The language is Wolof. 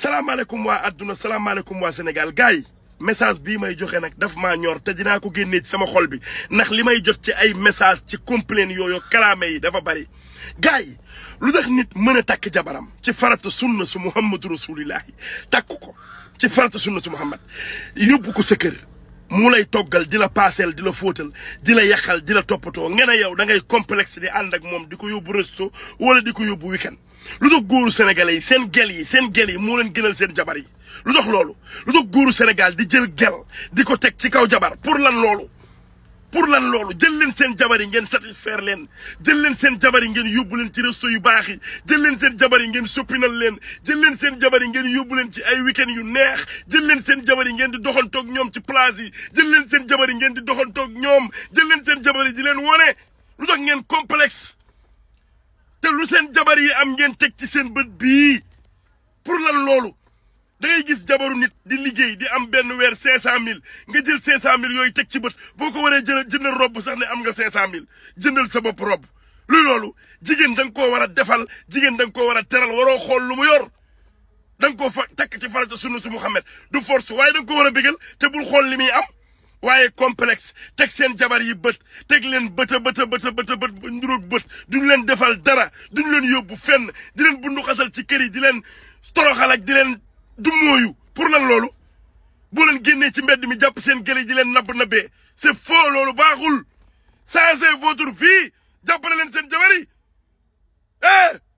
salaamaaleykum waa adduna salaamaaleykum waa Sénégal gars yi message bii may joxe nag daf maa ñor te dinaa ko génnee sama xol bi ndax li may jox ci ay message ci complain yooyu kalaame yi dafa bari gars yi lu tax nit mën a takk jabaram ci farata sunna su muhammadu rasulillahi takku ko ci farata sunna su muhammad yóbbu ko sa mu lay toggal di la paaseel di la fóotal di la yàqal di la toppatoo nga ne yow da ngay complexe di ànd ak moom di ko yóbbu resto wala di ko yóbbu weekend lu tax góoru sénégalais yi seen gel yi seen gel yi moo leen gënal seen jabar yi lu tax loolu lu tax góoru sénégal di jël gel di ko teg ci kaw jabar pour lan loolu pour lan loolu jël len seen jabar yi ngeen satisfaire leen jël leen seen jabar yi ngeen yóbbu leen ci resto yu baax yi jël leen seen jabar yi ngeen soppinal leen jël leen sen jabar yi ngeen yóbbu leen ci ay wiken end yu neex jël leen seen jabar yi ngeen di doxantoog ñoom ci place yi jël leen seen jabar yi ngeen di doxantoog ñoom jël leen seen jabar yi di leen wone lu tax ngeen complexe te lu seen jabar yi am ngeen teg ci seen bët bii pour lan loolu dangay gis jabaru nit di liggéey di am benn weer cinq cent mille nga jël cinq cent mille yooyu teg ci bët boo ko waree jël rob robb sax ne am nga cinq cent mille jëndal sa bopp robb lu loolu jigéen da nga koo war a defal jigéen da nga koo war a teral waroo xool lu mu yor da nga koo fa takk ci farata sunna su Muhammad du force waaye da ko war a bégal te bul xool li muy am waaye complexe teg seen jabar yi bët teg leen bët a bët a bët a bët a bët bët duñ leen defal dara duñ leen yóbbu fenn di leen bundu ci kër yi di leen toroxal ak di du mooyu pour na loolu bu leen génnee ci mbedd mi jàpp seen gële ji leen nabb nabbee c'est faux loolu baaxul changez votre fii jàppale leen seen jabar yi eh